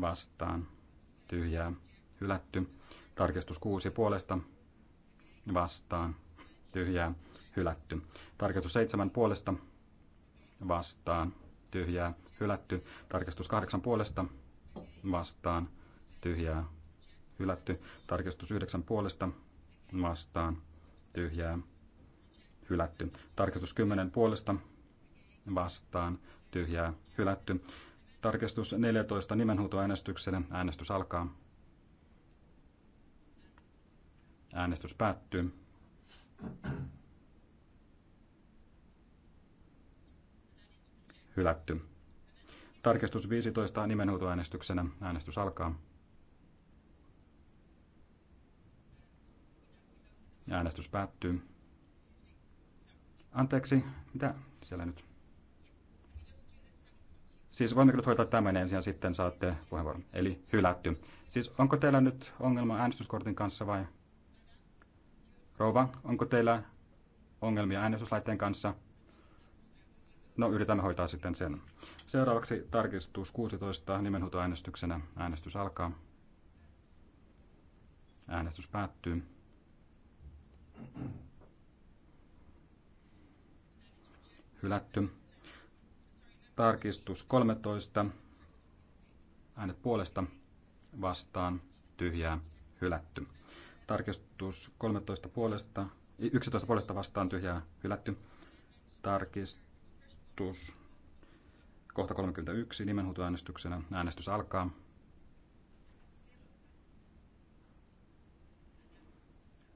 vastaan tyhjää hylätty. Tarkistus 6 puolesta vastaan tyhjää hylätty. Tarkistus 7 puolesta vastaan tyhjää hylätty. Tarkistus 8 puolesta vastaan tyhjää hylätty. Tarkistus 9 puolesta vastaan tyhjää hylätty. Tarkistus 10 puolesta vastaan tyhjää hylätty. Tarkistus 14 nimenhuutoäänestyksellä. Äänestys alkaa. Äänestys päättyy. Hylätty. Tarkistus 15 nimenhuutoäänestyksenä. Äänestys alkaa. Äänestys päättyy. Anteeksi, mitä siellä nyt? Siis voimmeko nyt hoitaa tämän ensin ja sitten saatte puheenvuoron. Eli hylätty. Siis onko teillä nyt ongelma äänestyskortin kanssa vai? Rouva, onko teillä ongelmia äänestyslaitteen kanssa? No yritämme hoitaa sitten sen. Seuraavaksi tarkistus 16 nimenhuutoäänestyksenä. Äänestys alkaa. Äänestys päättyy. Hylätty. Tarkistus 13. Äänet puolesta vastaan tyhjää hylätty. Tarkistus 13 puolesta, 11 puolesta vastaan tyhjää hylätty. Tarkistus kohta 31 nimenhuutoäänestyksenä. Äänestys alkaa.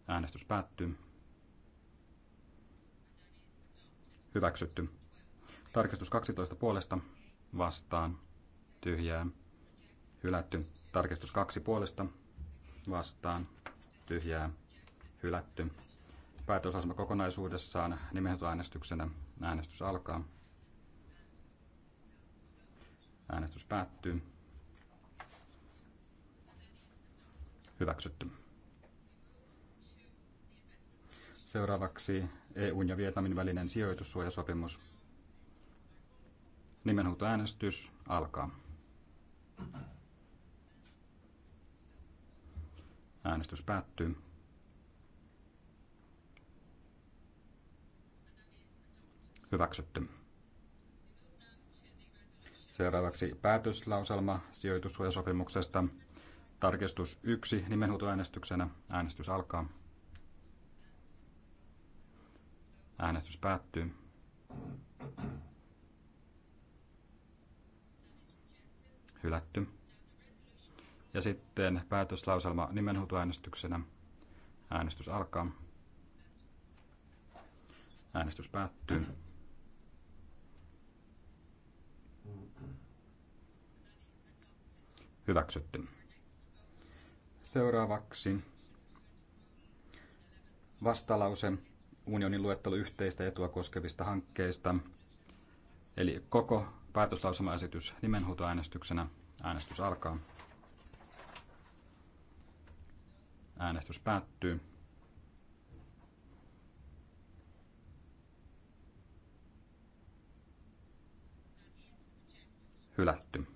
Äänestys päättyy. Hyväksytty. Tarkistus 12 puolesta vastaan tyhjää hylätty. Tarkistus 2 puolesta vastaan tyhjää hylätty. Päätösasema kokonaisuudessaan nimenhoitoäänestyksenä äänestys alkaa. Äänestys päättyy. Hyväksytty. Seuraavaksi EUn ja Vietnamin välinen sijoitussuojasopimus Nimenhuutoäänestys alkaa. Äänestys päättyy. Hyväksytty. Seuraavaksi päätöslauselma sijoitussuojasopimuksesta. Tarkistus 1 nimenhuutoäänestyksenä. Äänestys alkaa. Äänestys päättyy. hylätty. Ja sitten päätöslauselma nimenhuutoäänestyksenä. Äänestys alkaa. Äänestys päättyy. Hyväksytty. Seuraavaksi vastalause unionin luettelo yhteistä etua koskevista hankkeista, eli koko päätöslausumaesitys nimenhuutoäänestyksenä. Äänestys alkaa. Äänestys päättyy. Hylätty.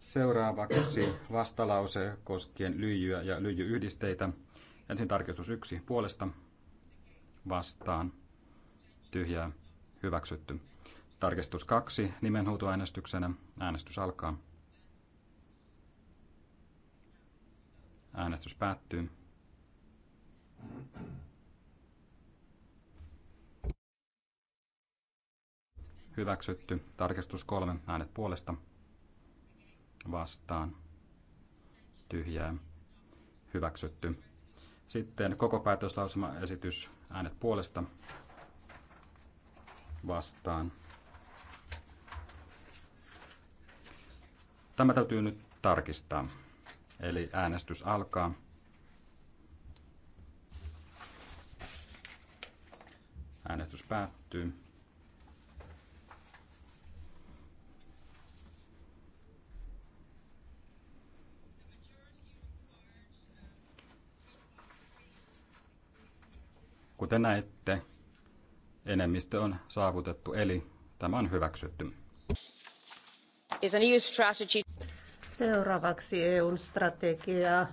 Seuraavaksi vastalause koskien lyijyä ja lyijyyhdisteitä. Ensin tarkistus yksi puolesta vastaan tyhjää hyväksytty. Tarkistus kaksi nimenhuutoäänestyksenä. Äänestys alkaa. Äänestys päättyy. Hyväksytty. Tarkistus kolme. Äänet puolesta. Vastaan. Tyhjää. Hyväksytty. Sitten koko päätöslausumaesitys äänet puolesta vastaan. Tämä täytyy nyt tarkistaa. Eli äänestys alkaa. Äänestys päättyy. Kuten näette, enemmistö on saavutettu, eli tämä on hyväksytty. E Seuraavaksi EUn strategia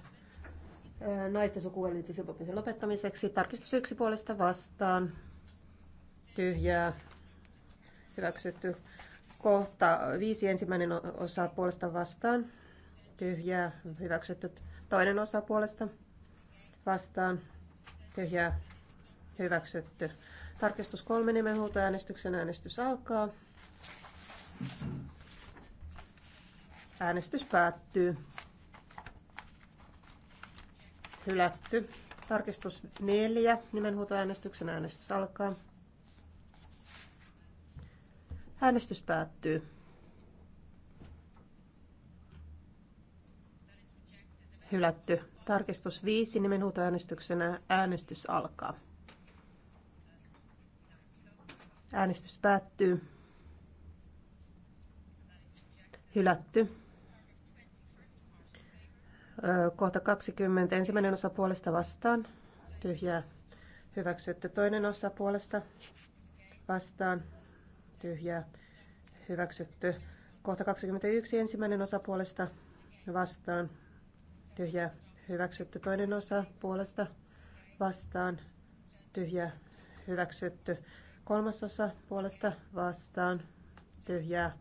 naisten sukuelintisen lopettamiseksi. Tarkistus yksi puolesta vastaan. Tyhjää. Hyväksytty. Kohta viisi ensimmäinen osa puolesta vastaan. Tyhjää. Hyväksytty. Toinen osa puolesta vastaan. Tyhjää. Hyväksytty. Tarkistus kolme äänestyksen äänestys alkaa. Äänestys päättyy. Hylätty. Tarkistus neljä äänestyksen äänestys alkaa. Äänestys päättyy. Hylätty. Tarkistus 5 nimenhuutoäänestyksenä äänestys alkaa. Äänestys päättyy. Hylätty. Kohta 20. Ensimmäinen osa puolesta vastaan. Tyhjää. Hyväksytty. Toinen osa puolesta vastaan. Tyhjää. Hyväksytty. Kohta 21. Ensimmäinen osa puolesta vastaan. Tyhjää. Hyväksytty. Toinen osa puolesta vastaan. Tyhjää. Hyväksytty. Kolmasosa puolesta vastaan tyhjää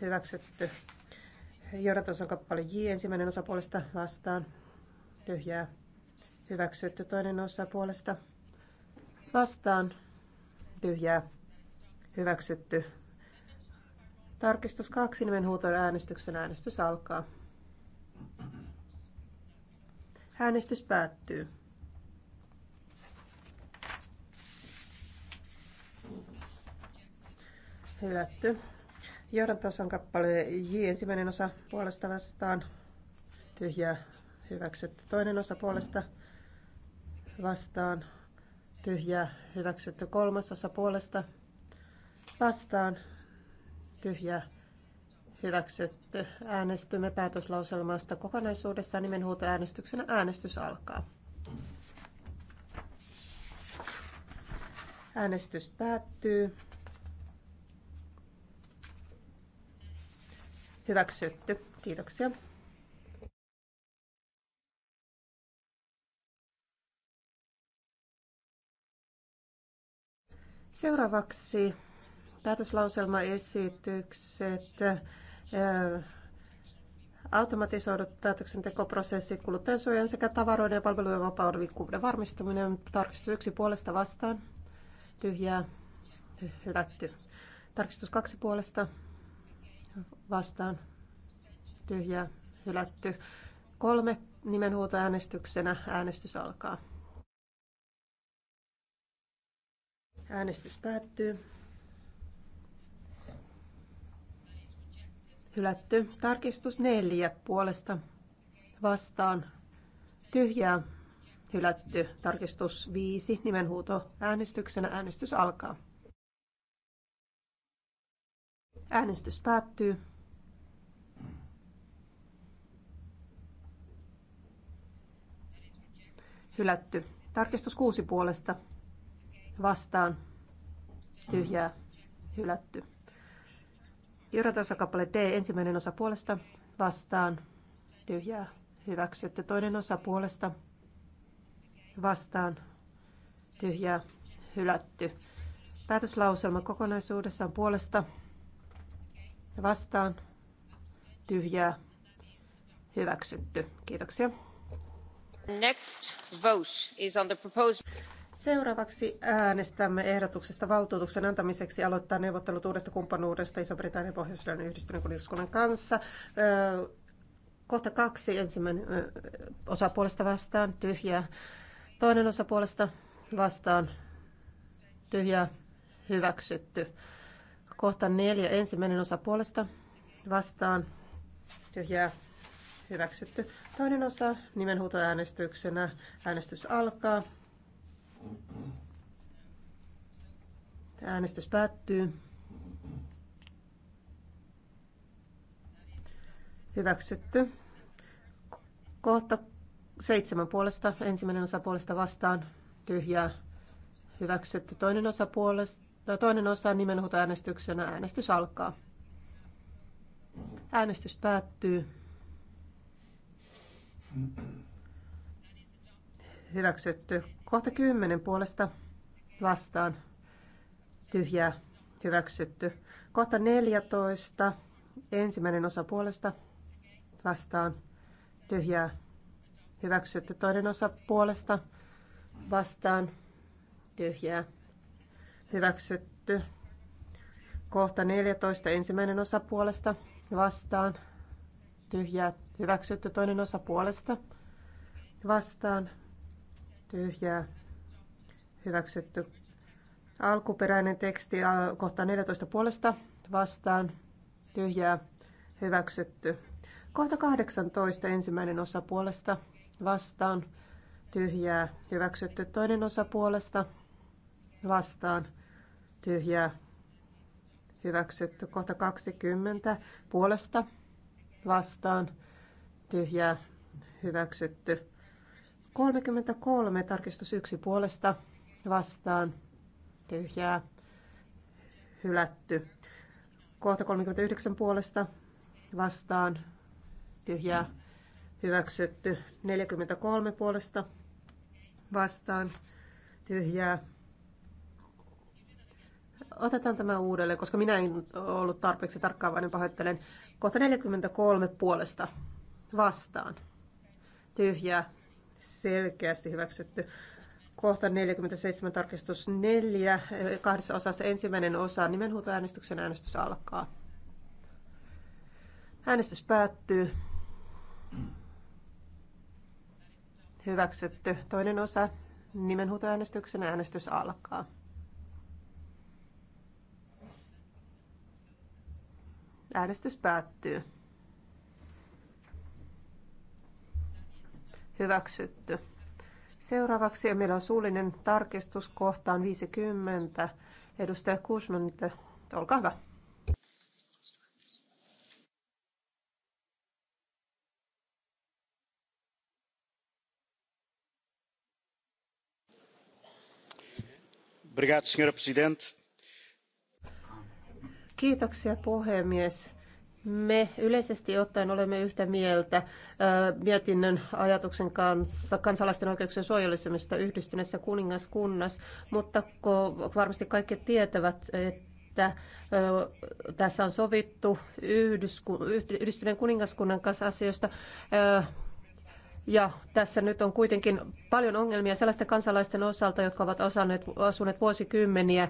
hyväksytty. Johdatus on kappale J. Ensimmäinen osa puolesta vastaan tyhjää hyväksytty. Toinen osa puolesta vastaan tyhjää hyväksytty. Tarkistus kaksi nimen huuton äänestyksen äänestys alkaa. Äänestys päättyy. hylätty. Johdantosan kappale J, ensimmäinen osa puolesta vastaan, tyhjää hyväksytty. Toinen osa puolesta vastaan, tyhjää hyväksytty. Kolmas osa puolesta vastaan, tyhjää hyväksytty. Äänestymme päätöslauselmasta kokonaisuudessaan äänestyksenä Äänestys alkaa. Äänestys päättyy. Hyväksytty. Kiitoksia. Seuraavaksi päätöslauselmaesitykset, automatisoidut päätöksentekoprosessit, kuluttajansuojan sekä tavaroiden ja palvelujen vapauden liikkuvuuden varmistaminen, tarkistus yksi puolesta vastaan, tyhjää, hylätty. Tarkistus kaksi puolesta vastaan tyhjää hylätty. Kolme äänestyksenä. äänestys alkaa. Äänestys päättyy. Hylätty. Tarkistus neljä puolesta vastaan. Tyhjää. Hylätty. Tarkistus viisi nimenhuuto äänestyksenä. Äänestys alkaa. Äänestys päättyy. Hylätty. Tarkistus kuusi puolesta. Vastaan. Tyhjää. Hylätty. Johdantasakappale D, ensimmäinen osa puolesta. Vastaan. Tyhjää. Hyväksytty. Toinen osa puolesta. Vastaan. Tyhjää. Hylätty. Päätöslauselma kokonaisuudessaan puolesta Vastaan. Tyhjää. Hyväksytty. Kiitoksia. Next vote is on the proposed... Seuraavaksi äänestämme ehdotuksesta valtuutuksen antamiseksi aloittaa neuvottelut uudesta kumppanuudesta Iso-Britannian pohjois yhdistyneen kuningaskunnan kanssa. Kohta kaksi, ensimmäinen osa puolesta vastaan, tyhjää. Toinen osa puolesta vastaan, tyhjää, hyväksytty. Kohta neljä, ensimmäinen osa puolesta vastaan, tyhjää, hyväksytty. Toinen osa nimenhuutoäänestyksenä. Äänestys alkaa. Äänestys päättyy. Hyväksytty. Kohta seitsemän puolesta, ensimmäinen osa puolesta vastaan, tyhjää, hyväksytty. Toinen osa puolesta, Tämä no, toinen osa nimenhuutoäänestyksenä. Äänestys alkaa. Äänestys päättyy. Hyväksytty. Kohta kymmenen puolesta vastaan. Tyhjää. Hyväksytty. Kohta 14. Ensimmäinen osa puolesta vastaan. Tyhjää. Hyväksytty. Toinen osa puolesta vastaan. Tyhjää hyväksytty. Kohta 14, ensimmäinen osa puolesta vastaan, tyhjää, hyväksytty. Toinen osa puolesta vastaan, tyhjää, hyväksytty. Alkuperäinen teksti kohta 14 puolesta vastaan, tyhjää, hyväksytty. Kohta 18, ensimmäinen osa puolesta vastaan, tyhjää, hyväksytty. Toinen osa puolesta vastaan, tyhjää hyväksytty. Kohta 20 puolesta vastaan tyhjää hyväksytty. 33 tarkistus 1 puolesta vastaan tyhjää hylätty. Kohta 39 puolesta vastaan tyhjää hyväksytty. 43 puolesta vastaan tyhjää Otetaan tämä uudelleen, koska minä en ollut tarpeeksi tarkkaavainen, pahoittelen. Kohta 43 puolesta vastaan. tyhjä selkeästi hyväksytty. Kohta 47 tarkistus 4, kahdessa osassa ensimmäinen osa, nimenhuutoäänestyksen äänestys alkaa. Äänestys päättyy. Hyväksytty. Toinen osa, nimenhuutoäänestyksen äänestys alkaa. Äänestys päättyy. Hyväksytty. Seuraavaksi meillä on suullinen tarkistus kohtaan 50. Edustaja Kuusman, olkaa hyvä. Obrigado, senhora presidente Kiitoksia puhemies. Me yleisesti ottaen olemme yhtä mieltä mietinnön ajatuksen kanssa kansalaisten oikeuksien suojelemisesta yhdistyneessä kuningaskunnassa, mutta varmasti kaikki tietävät, että tässä on sovittu Yhdistyneen kuningaskunnan kanssa asioista ja tässä nyt on kuitenkin paljon ongelmia sellaisten kansalaisten osalta, jotka ovat osanneet, asuneet vuosikymmeniä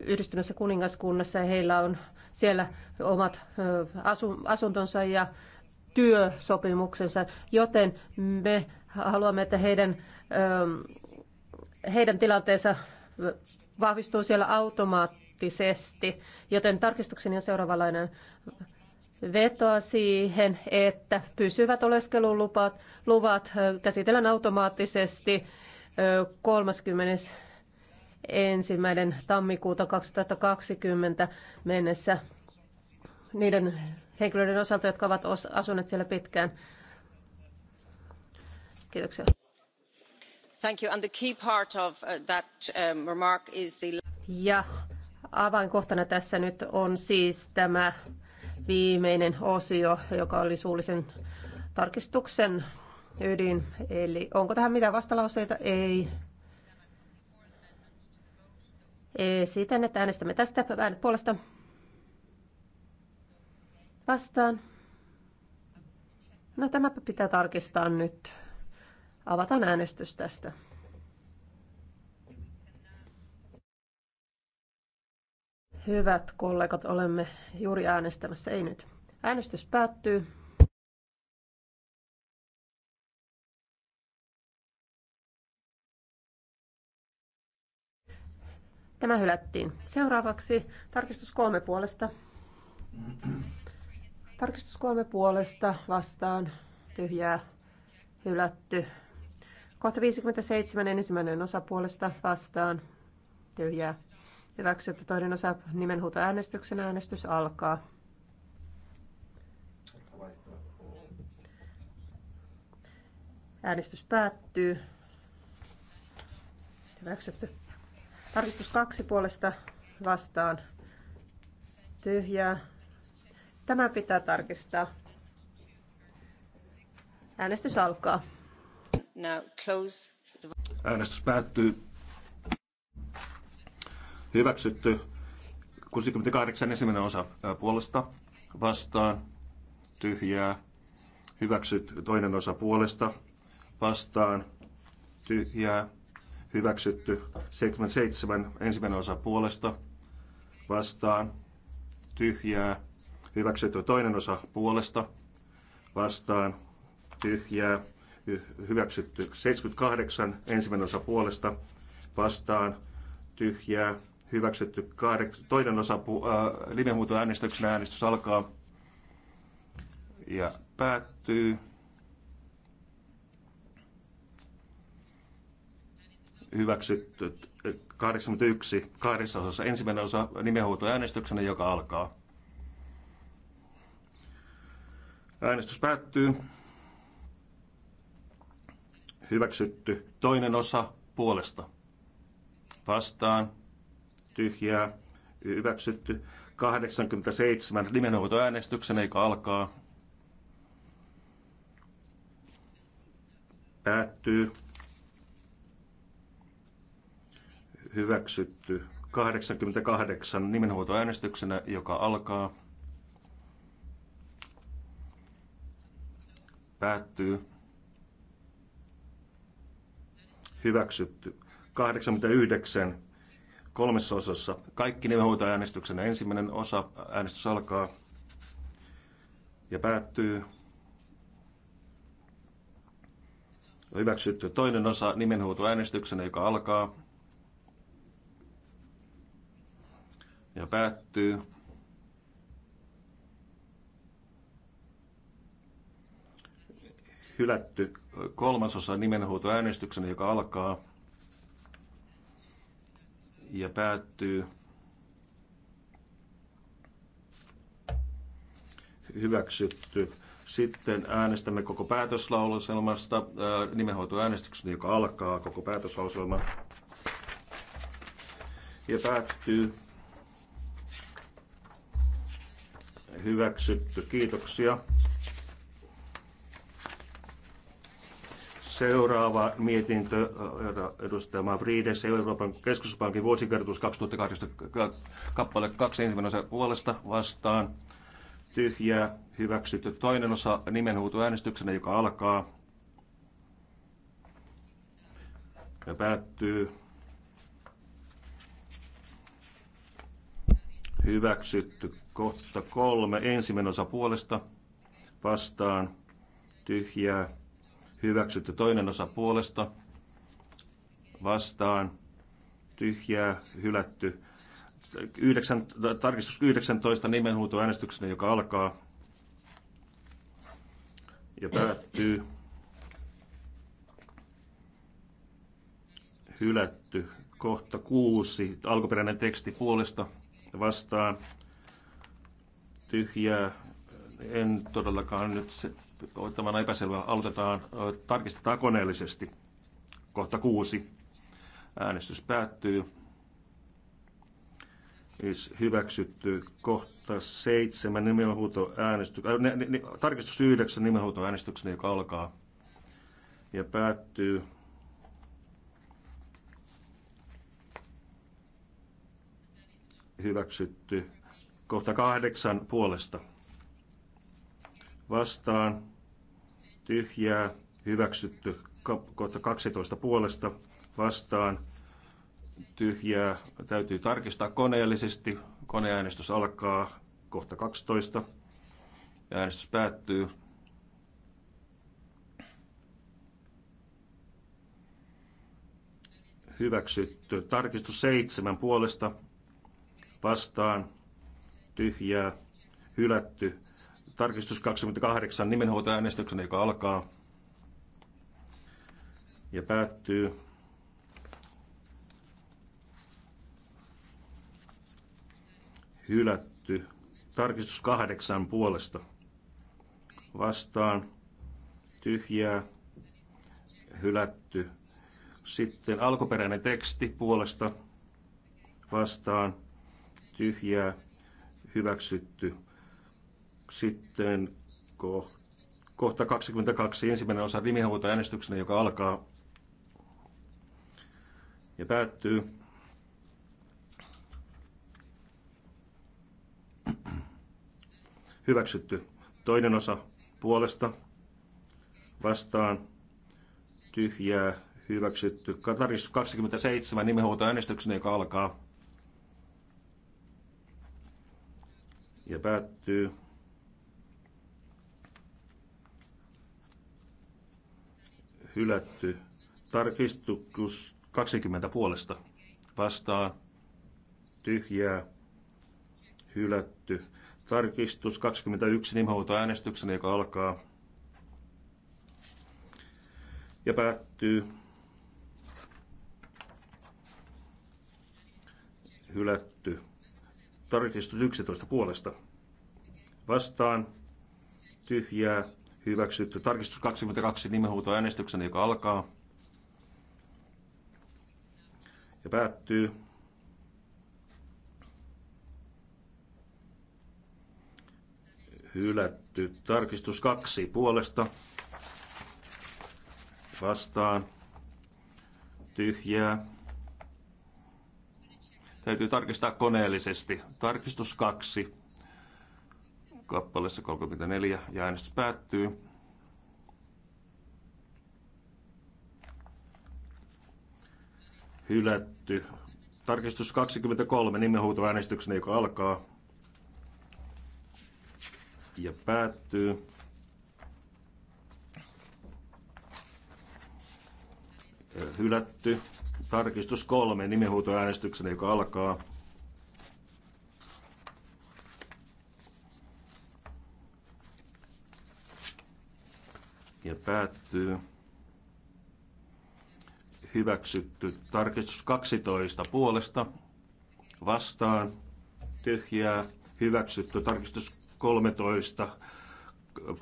yhdistyneessä kuningaskunnassa ja heillä on siellä omat asuntonsa ja työsopimuksensa, joten me haluamme, että heidän, heidän tilanteensa vahvistuu siellä automaattisesti. Joten tarkistukseni on seuraavanlainen vetoa siihen, että pysyvät oleskeluluvat luvat käsitellään automaattisesti 30 tammikuuta 2020 mennessä niiden henkilöiden osalta, jotka ovat asuneet siellä pitkään. Kiitoksia. Thank you. And the key part of uh, that um, remark is the... Ja avainkohtana tässä nyt on siis tämä viimeinen osio, joka oli suullisen tarkistuksen ydin. Eli onko tähän mitään vastalauseita? Ei. Esitän, että äänestämme tästä äänet puolesta. Vastaan. No tämä pitää tarkistaa nyt. Avataan äänestys tästä. Hyvät kollegat, olemme juuri äänestämässä. Ei nyt. Äänestys päättyy. Tämä hylättiin. Seuraavaksi tarkistus kolme puolesta. Tarkistus kolme puolesta vastaan tyhjää hylätty. Kohta 57 ensimmäinen osa puolesta vastaan tyhjää Hyväksytty toinen osa nimenhuutoäänestyksen äänestys alkaa. Äänestys päättyy. Hyväksytty. Tarkistus kaksi puolesta vastaan. Tyhjää. Tämä pitää tarkistaa. Äänestys alkaa. Now close. Äänestys päättyy. Hyväksytty. 68 ensimmäinen osa puolesta vastaan. Tyhjää. Hyväksytty toinen osa puolesta vastaan. Tyhjää. Hyväksytty 77 ensimmäinen osa puolesta vastaan. Tyhjää. Hyväksytty toinen osa puolesta vastaan. Tyhjää. Hyväksytty 78 ensimmäinen osa puolesta vastaan. Tyhjää hyväksytty. Kahdek- toinen osa äh, limemuutoäänestyksen äänestys alkaa ja päättyy. Hyväksytty 81 kahdessa osassa. Ensimmäinen osa nimenhuutoäänestyksenä, joka alkaa. Äänestys päättyy. Hyväksytty toinen osa puolesta. Vastaan tyhjää, hyväksytty. 87 nimenhoitoäänestyksen, eikä alkaa. Päättyy. Hyväksytty. 88 nimenhuoltoäänestyksenä, joka alkaa. Päättyy. Hyväksytty. 89 kolmessa osassa. Kaikki äänestyksen. ensimmäinen osa. Äänestys alkaa ja päättyy. Hyväksytty toinen osa äänestyksenä, joka alkaa ja päättyy. Hylätty kolmasosa äänestyksenä, joka alkaa ja päättyy. Hyväksytty. Sitten äänestämme koko päätöslauselmasta äänestyksen, joka alkaa koko päätöslauselma ja päättyy. Hyväksytty. Kiitoksia. Seuraava mietintö edustaja Mavrides, Euroopan keskuspankin vuosikertomus 2018 kappale 2 ensimmäinen osa puolesta vastaan. Tyhjää hyväksytty. Toinen osa äänestyksenä, joka alkaa ja päättyy. Hyväksytty kohta kolme. Ensimmäinen osa puolesta vastaan. Tyhjää hyväksytty toinen osa puolesta, vastaan, tyhjää, hylätty. 9, tarkistus 19 nimenhuutoäänestyksenä, joka alkaa ja päättyy. Hylätty. Kohta kuusi. Alkuperäinen teksti puolesta vastaan. Tyhjää. En todellakaan nyt se Tämä on epäselvä. Aloitetaan, tarkistetaan koneellisesti. Kohta kuusi. Äänestys päättyy. Is hyväksytty kohta seitsemän nimenhuutoäänestys, äh, ne, ne, tarkistus yhdeksän äänestyksen, joka alkaa ja päättyy. Hyväksytty kohta kahdeksan puolesta vastaan tyhjää, hyväksytty kohta 12 puolesta vastaan, tyhjää, täytyy tarkistaa koneellisesti, koneäänestys alkaa kohta 12, äänestys päättyy. Hyväksytty. Tarkistus seitsemän puolesta vastaan tyhjää, hylätty Tarkistus 28 nimenhoitoäänestyksen, joka alkaa ja päättyy. Hylätty. Tarkistus kahdeksan puolesta. Vastaan. Tyhjää. Hylätty. Sitten alkuperäinen teksti puolesta. Vastaan. Tyhjää. Hyväksytty sitten kohta 22, ensimmäinen osa nimenhuutoäänestyksenä, joka alkaa ja päättyy. Hyväksytty. Toinen osa puolesta vastaan tyhjää hyväksytty. Kataris 27 nimenhuutoäänestyksenä, joka alkaa ja päättyy. hylätty. Tarkistus 20 puolesta vastaan tyhjää hylätty. Tarkistus 21 nimenhuutoäänestyksenä, joka alkaa ja päättyy. Hylätty. Tarkistus 11 puolesta. Vastaan tyhjää hyväksytty. Tarkistus 22 äänestyksen, joka alkaa ja päättyy. Hylätty. Tarkistus 2 puolesta vastaan. Tyhjää. Täytyy tarkistaa koneellisesti. Tarkistus 2 kappaleessa 34 ja äänestys päättyy. Hylätty. Tarkistus 23 nimenhuutoäänestyksenä, joka alkaa ja päättyy. Hylätty. Tarkistus 3 nimenhuutoäänestyksenä, joka alkaa ja päättyy. Hyväksytty. Tarkistus 12 puolesta vastaan tyhjää. Hyväksytty. Tarkistus 13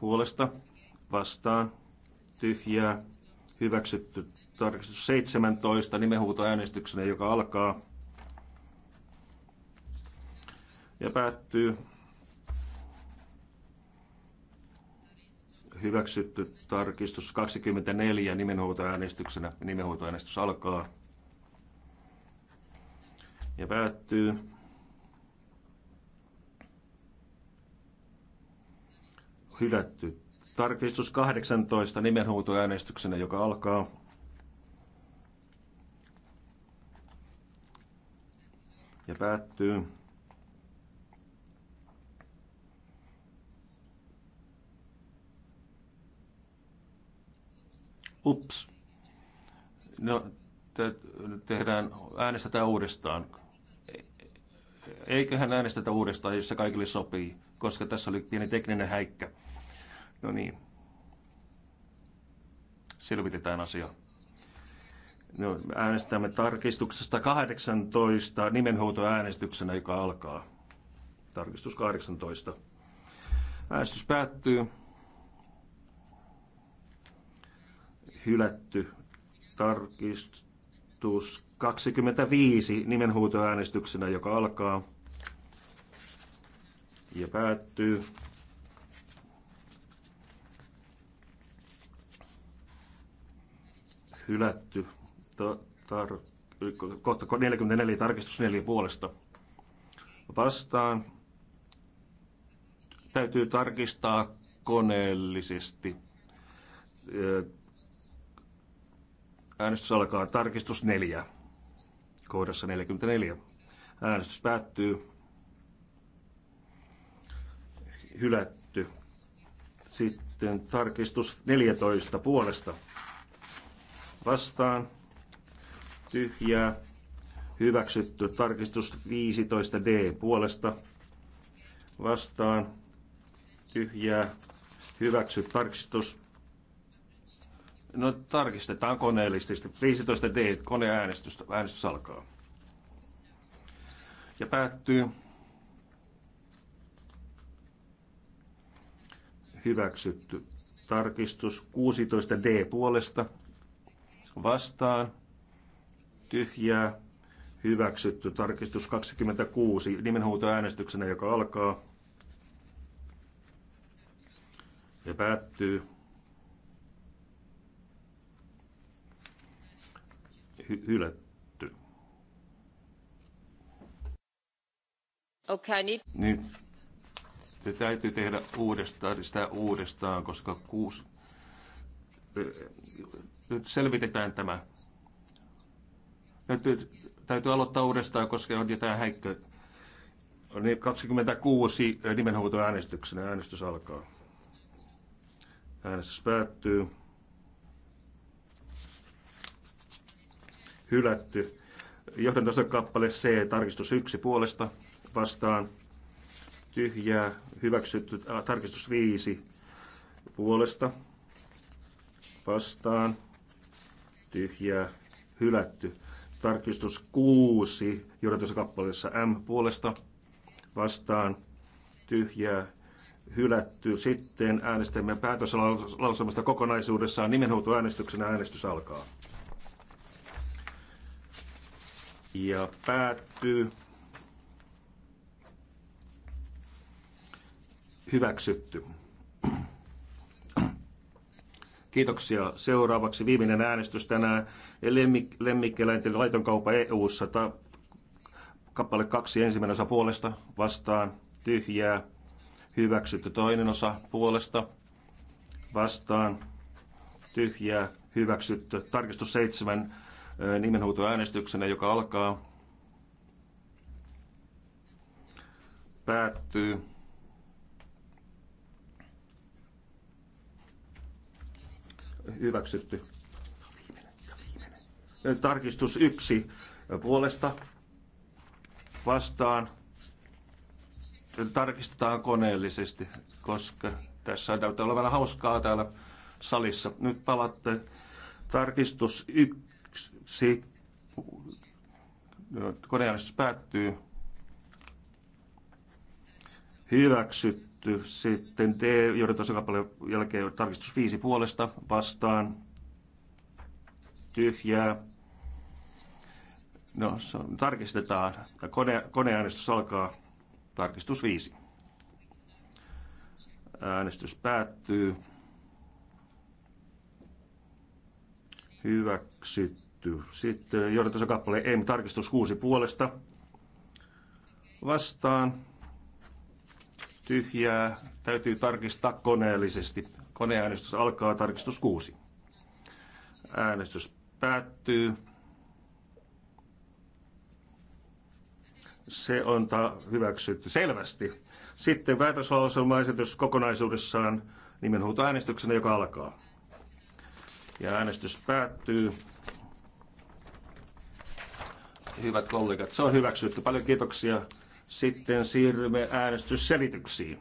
puolesta vastaan tyhjää. Hyväksytty. Tarkistus 17 äänestyksenä, joka alkaa ja päättyy. hyväksytty tarkistus 24 nimenhuoltoäänestyksenä. Nimenhuoltoäänestys alkaa ja päättyy. Hylätty. Tarkistus 18 nimenhuutoäänestyksenä, joka alkaa. Ja päättyy. ups, no, te, tehdään, äänestetään uudestaan. Eiköhän äänestetä uudestaan, jos se kaikille sopii, koska tässä oli pieni tekninen häikkä. No niin, selvitetään asia. No, äänestämme tarkistuksesta 18 nimenhuutoäänestyksenä, joka alkaa. Tarkistus 18. Äänestys päättyy. hylätty. Tarkistus 25 nimenhuutoäänestyksenä, joka alkaa ja päättyy. Hylätty. Tar- kohta 44 tarkistus 4 puolesta. Vastaan täytyy tarkistaa koneellisesti Äänestys alkaa. Tarkistus 4. Kohdassa 44. Äänestys päättyy. Hylätty. Sitten tarkistus 14 puolesta. Vastaan. Tyhjää. Hyväksytty. Tarkistus 15D puolesta. Vastaan. Tyhjää. Hyväksy tarkistus No tarkistetaan koneellisesti. 15 D, koneäänestys äänestys alkaa. Ja päättyy. Hyväksytty. Tarkistus 16 D puolesta. Vastaan. Tyhjää. Hyväksytty. Tarkistus 26 nimenhuutoäänestyksenä, joka alkaa. Ja päättyy. hy- hylätty. Okay, niin. niin. Se täytyy tehdä uudestaan, sitä uudestaan, koska kuusi... Nyt selvitetään tämä. Täytyy, täytyy aloittaa uudestaan, koska on jotain häikköä. 26 niin, nimenhuutoäänestyksenä äänestys alkaa. Äänestys päättyy. hylätty. Johdantason kappale C, tarkistus 1 puolesta vastaan tyhjää, hyväksytty äh, tarkistus 5 puolesta vastaan tyhjää, hylätty. Tarkistus 6 johdantason kappaleessa M puolesta vastaan tyhjää, hylätty. Sitten äänestämme päätöslausumasta kokonaisuudessaan. Nimenhuutoäänestyksenä äänestys alkaa. ja päättyy. Hyväksytty. Kiitoksia. Seuraavaksi viimeinen äänestys tänään. Lemmik, lemmikkieläinten laiton kauppa EU-ssa. Ta, kappale kaksi ensimmäinen osa puolesta vastaan. Tyhjää. Hyväksytty toinen osa puolesta vastaan. Tyhjää. Hyväksytty. Tarkistus seitsemän nimenhuutoäänestyksenä, joka alkaa. Päättyy. Hyväksytty. Tarkistus yksi puolesta vastaan tarkistetaan koneellisesti, koska tässä täytyy olla vähän hauskaa täällä salissa. Nyt palatte tarkistus 1 Siksi koneäänestys päättyy. Hyväksytty. Sitten D, johdatus kappaleen jälkeen tarkistus 5 puolesta vastaan. Tyhjää. No, tarkistetaan. Kone, koneäänestys alkaa. Tarkistus 5. Äänestys päättyy. hyväksytty. Sitten johdatuksen kappale M, tarkistus 6 puolesta. Vastaan tyhjää täytyy tarkistaa koneellisesti. Koneäänestys alkaa, tarkistus 6. Äänestys päättyy. Se on ta- hyväksytty selvästi. Sitten päätöslauselmaesitys kokonaisuudessaan nimenhuutoäänestyksenä, joka alkaa. Ja äänestys päättyy. Hyvät kollegat, se on hyväksytty. Paljon kiitoksia. Sitten siirrymme äänestysselityksiin.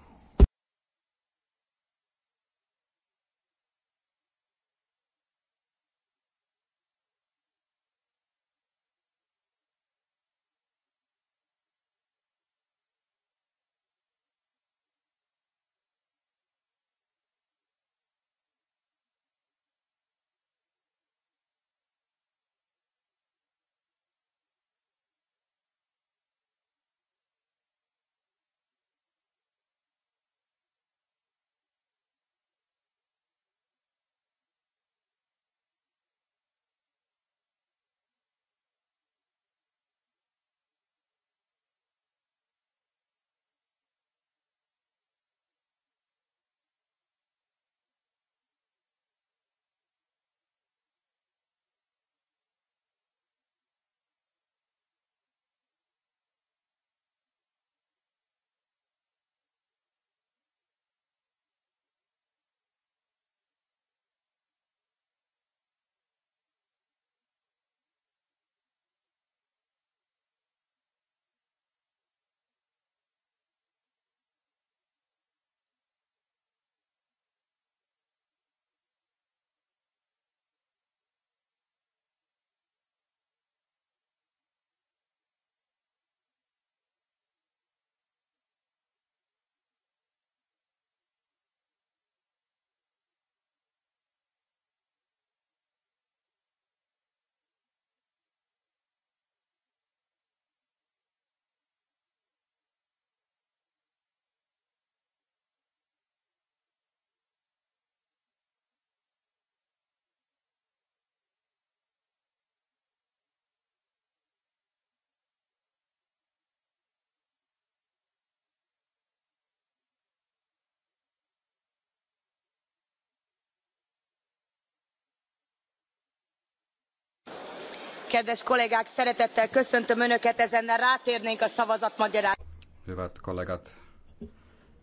Kedves kollégák, szeretettel köszöntöm Önöket, ezennel rátérnénk a szavazatmagyarázatra. Hyvät kollegat,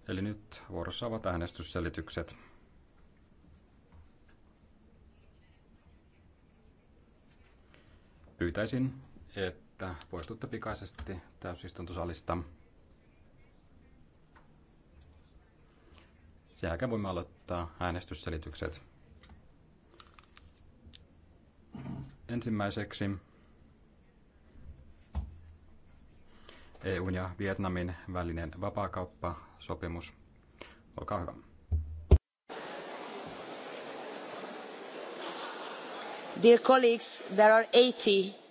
eli nyt vuorossa ovat äänestysselitykset. Pyytäisin, että poistutte pikaisesti täysistuntosalista. Sen jälkeen voimme aloittaa äänestysselitykset. Ensimmäiseksi EUn ja Vietnamin välinen vapaakauppasopimus. Olkaa hyvä. Dear colleagues, there are 80.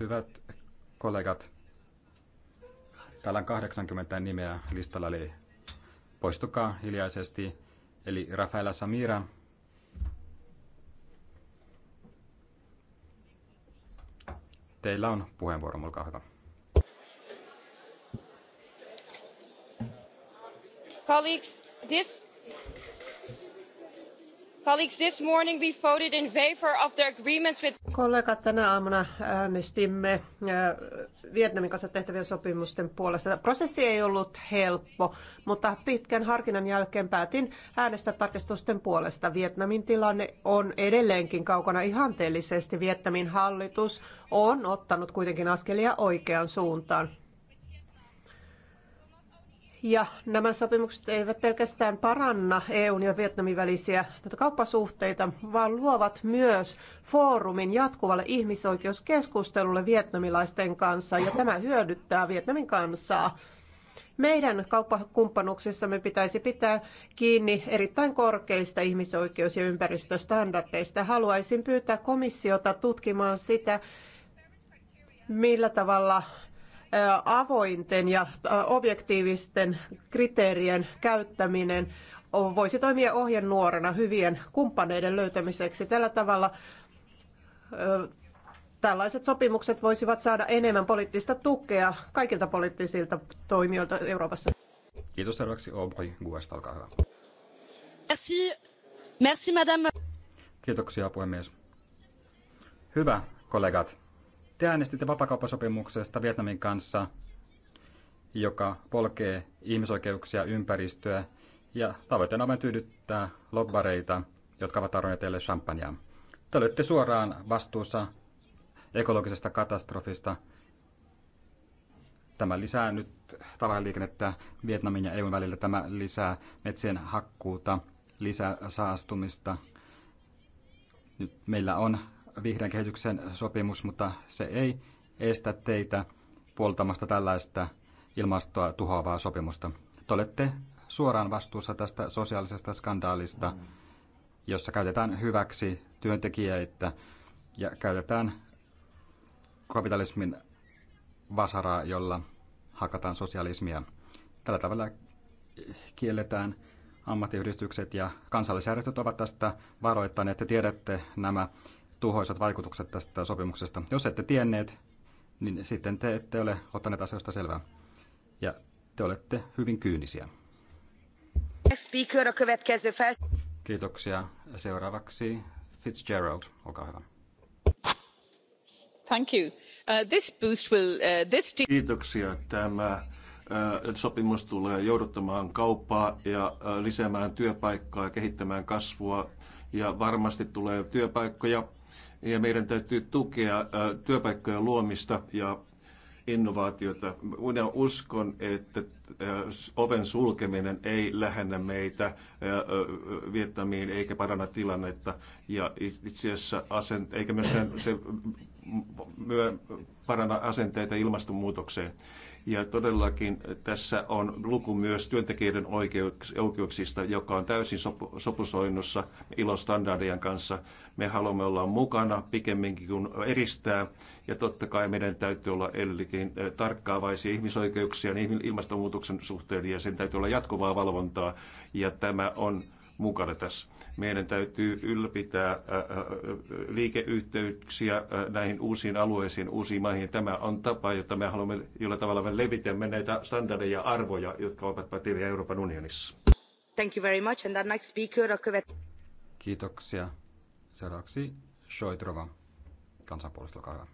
Hyvät kollegat, täällä on 80 nimeä listalla, eli poistukaa hiljaisesti. Eli Rafaela Samira, Teillä on puheenvuoro, olkaa hyvä. Colleagues, this Kollegat, tänä aamuna äänestimme Vietnamin kanssa tehtävien sopimusten puolesta. Prosessi ei ollut helppo, mutta pitkän harkinnan jälkeen päätin äänestää tarkistusten puolesta. Vietnamin tilanne on edelleenkin kaukana ihanteellisesti. Vietnamin hallitus on ottanut kuitenkin askelia oikeaan suuntaan. Ja nämä sopimukset eivät pelkästään paranna EUn ja Vietnamin välisiä kauppasuhteita, vaan luovat myös foorumin jatkuvalle ihmisoikeuskeskustelulle vietnamilaisten kanssa, ja tämä hyödyttää Vietnamin kansaa. Meidän kauppakumppanuksissamme pitäisi pitää kiinni erittäin korkeista ihmisoikeus- ja ympäristöstandardeista. Haluaisin pyytää komissiota tutkimaan sitä, millä tavalla avointen ja objektiivisten kriteerien käyttäminen voisi toimia ohjenuorana hyvien kumppaneiden löytämiseksi. Tällä tavalla tällaiset sopimukset voisivat saada enemmän poliittista tukea kaikilta poliittisilta toimijoilta Euroopassa. Kiitos seuraavaksi Aubrey Guest, olkaa hyvä. Merci. Merci, madame. Kiitoksia puhemies. Hyvä, kollegat. Te äänestitte vapakauppasopimuksesta Vietnamin kanssa, joka polkee ihmisoikeuksia, ympäristöä ja tavoitteena on tyydyttää lobbareita, jotka ovat tarjonneet teille champagnea. Te olette suoraan vastuussa ekologisesta katastrofista. Tämä lisää nyt tavaraliikennettä Vietnamin ja EUn välillä. Tämä lisää metsien hakkuuta, lisää saastumista. Nyt meillä on vihreän kehityksen sopimus, mutta se ei estä teitä puoltamasta tällaista ilmastoa tuhoavaa sopimusta. Te olette suoraan vastuussa tästä sosiaalisesta skandaalista, jossa käytetään hyväksi työntekijöitä ja käytetään kapitalismin vasaraa, jolla hakataan sosialismia. Tällä tavalla kielletään ammattiyhdistykset ja kansallisjärjestöt ovat tästä varoittaneet. Te tiedätte nämä tuhoisat vaikutukset tästä sopimuksesta. Jos ette tienneet, niin sitten te ette ole ottaneet asioista selvää. Ja te olette hyvin kyynisiä. Kiitoksia. Seuraavaksi Fitzgerald, olkaa hyvä. Thank you. Uh, this boost will, uh, this Kiitoksia. Tämä uh, sopimus tulee jouduttamaan kauppaa ja uh, lisäämään työpaikkaa ja kehittämään kasvua ja varmasti tulee työpaikkoja ja meidän täytyy tukea työpaikkojen luomista ja innovaatiota. Minä uskon, että oven sulkeminen ei lähennä meitä viettämiin eikä paranna tilannetta ja itse asiassa asent, eikä myöskään se paranna asenteita ilmastonmuutokseen. Ja todellakin tässä on luku myös työntekijöiden oikeuksista, joka on täysin sopu, sopusoinnussa ilostandardien kanssa. Me haluamme olla mukana pikemminkin kuin eristää. Ja totta kai meidän täytyy olla edellikin eh, tarkkaavaisia ihmisoikeuksia niin ilmastonmuutoksen suhteen ja sen täytyy olla jatkuvaa valvontaa. Ja tämä on mukana tässä. Meidän täytyy ylläpitää äh, äh, äh, liikeyhteyksiä näihin uusiin alueisiin, uusiin maihin. Tämä on tapa, jotta me haluamme, jollain tavalla me levitämme näitä standardeja ja arvoja, jotka ovat päteviä Euroopan unionissa. Thank you very much. And next speaker, Kiitoksia. Seuraavaksi Šojdrova, kansanpuolista, olkaa hyvä.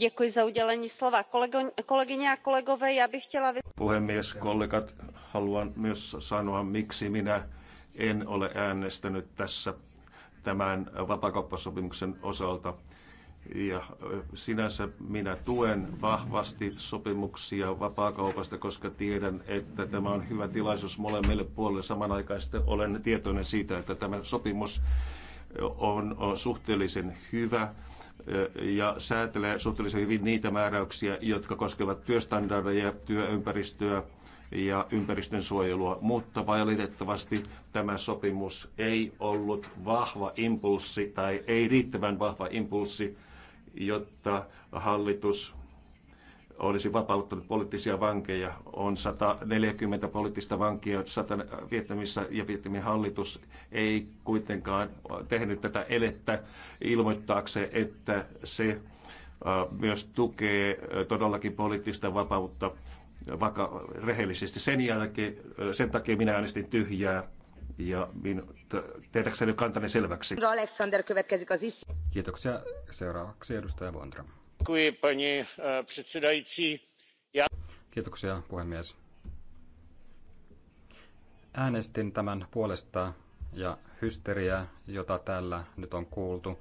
Děkuji za udělení slova. Kolego, kolegyně a kolegové, já bych chtěla... Puhemies, kollegat, haluan myös sanoa, miksi minä en ole äänestänyt tässä tämän vapakauppasopimuksen osalta. Ja sinänsä minä tuen vahvasti sopimuksia vapaakaupasta, koska tiedän, että tämä on hyvä tilaisuus molemmille puolille. Samanaikaisesti olen tietoinen siitä, että tämä sopimus on suhteellisen hyvä ja säätelee suhteellisen hyvin niitä määräyksiä, jotka koskevat työstandardeja, työympäristöä ja ympäristön suojelua, mutta valitettavasti tämä sopimus ei ollut vahva impulssi tai ei riittävän vahva impulssi, jotta hallitus olisi vapauttanut poliittisia vankeja. On 140 poliittista vankia Vietnamissa ja Vietnamin hallitus ei kuitenkaan tehnyt tätä elettä ilmoittaakseen, että se myös tukee todellakin poliittista vapautta vaka, rehellisesti. Sen, jälkeen, sen takia minä äänestin tyhjää ja minu, nyt kantani selväksi. Alexander, Kiitoksia. Seuraavaksi edustaja Vondra. Eh, Kiitoksia puhemies. Äänestin tämän puolesta ja hysteria, jota täällä nyt on kuultu,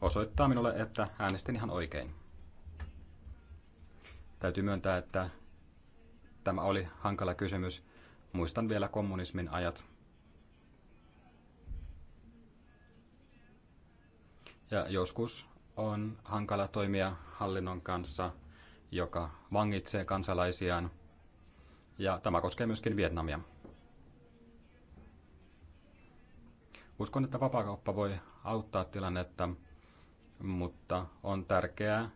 osoittaa minulle, että äänestin ihan oikein. Täytyy myöntää, että Tämä oli hankala kysymys. Muistan vielä kommunismin ajat. Ja joskus on hankala toimia hallinnon kanssa, joka vangitsee kansalaisiaan. Ja tämä koskee myöskin Vietnamia. Uskon, että vapaakauppa voi auttaa tilannetta, mutta on tärkeää,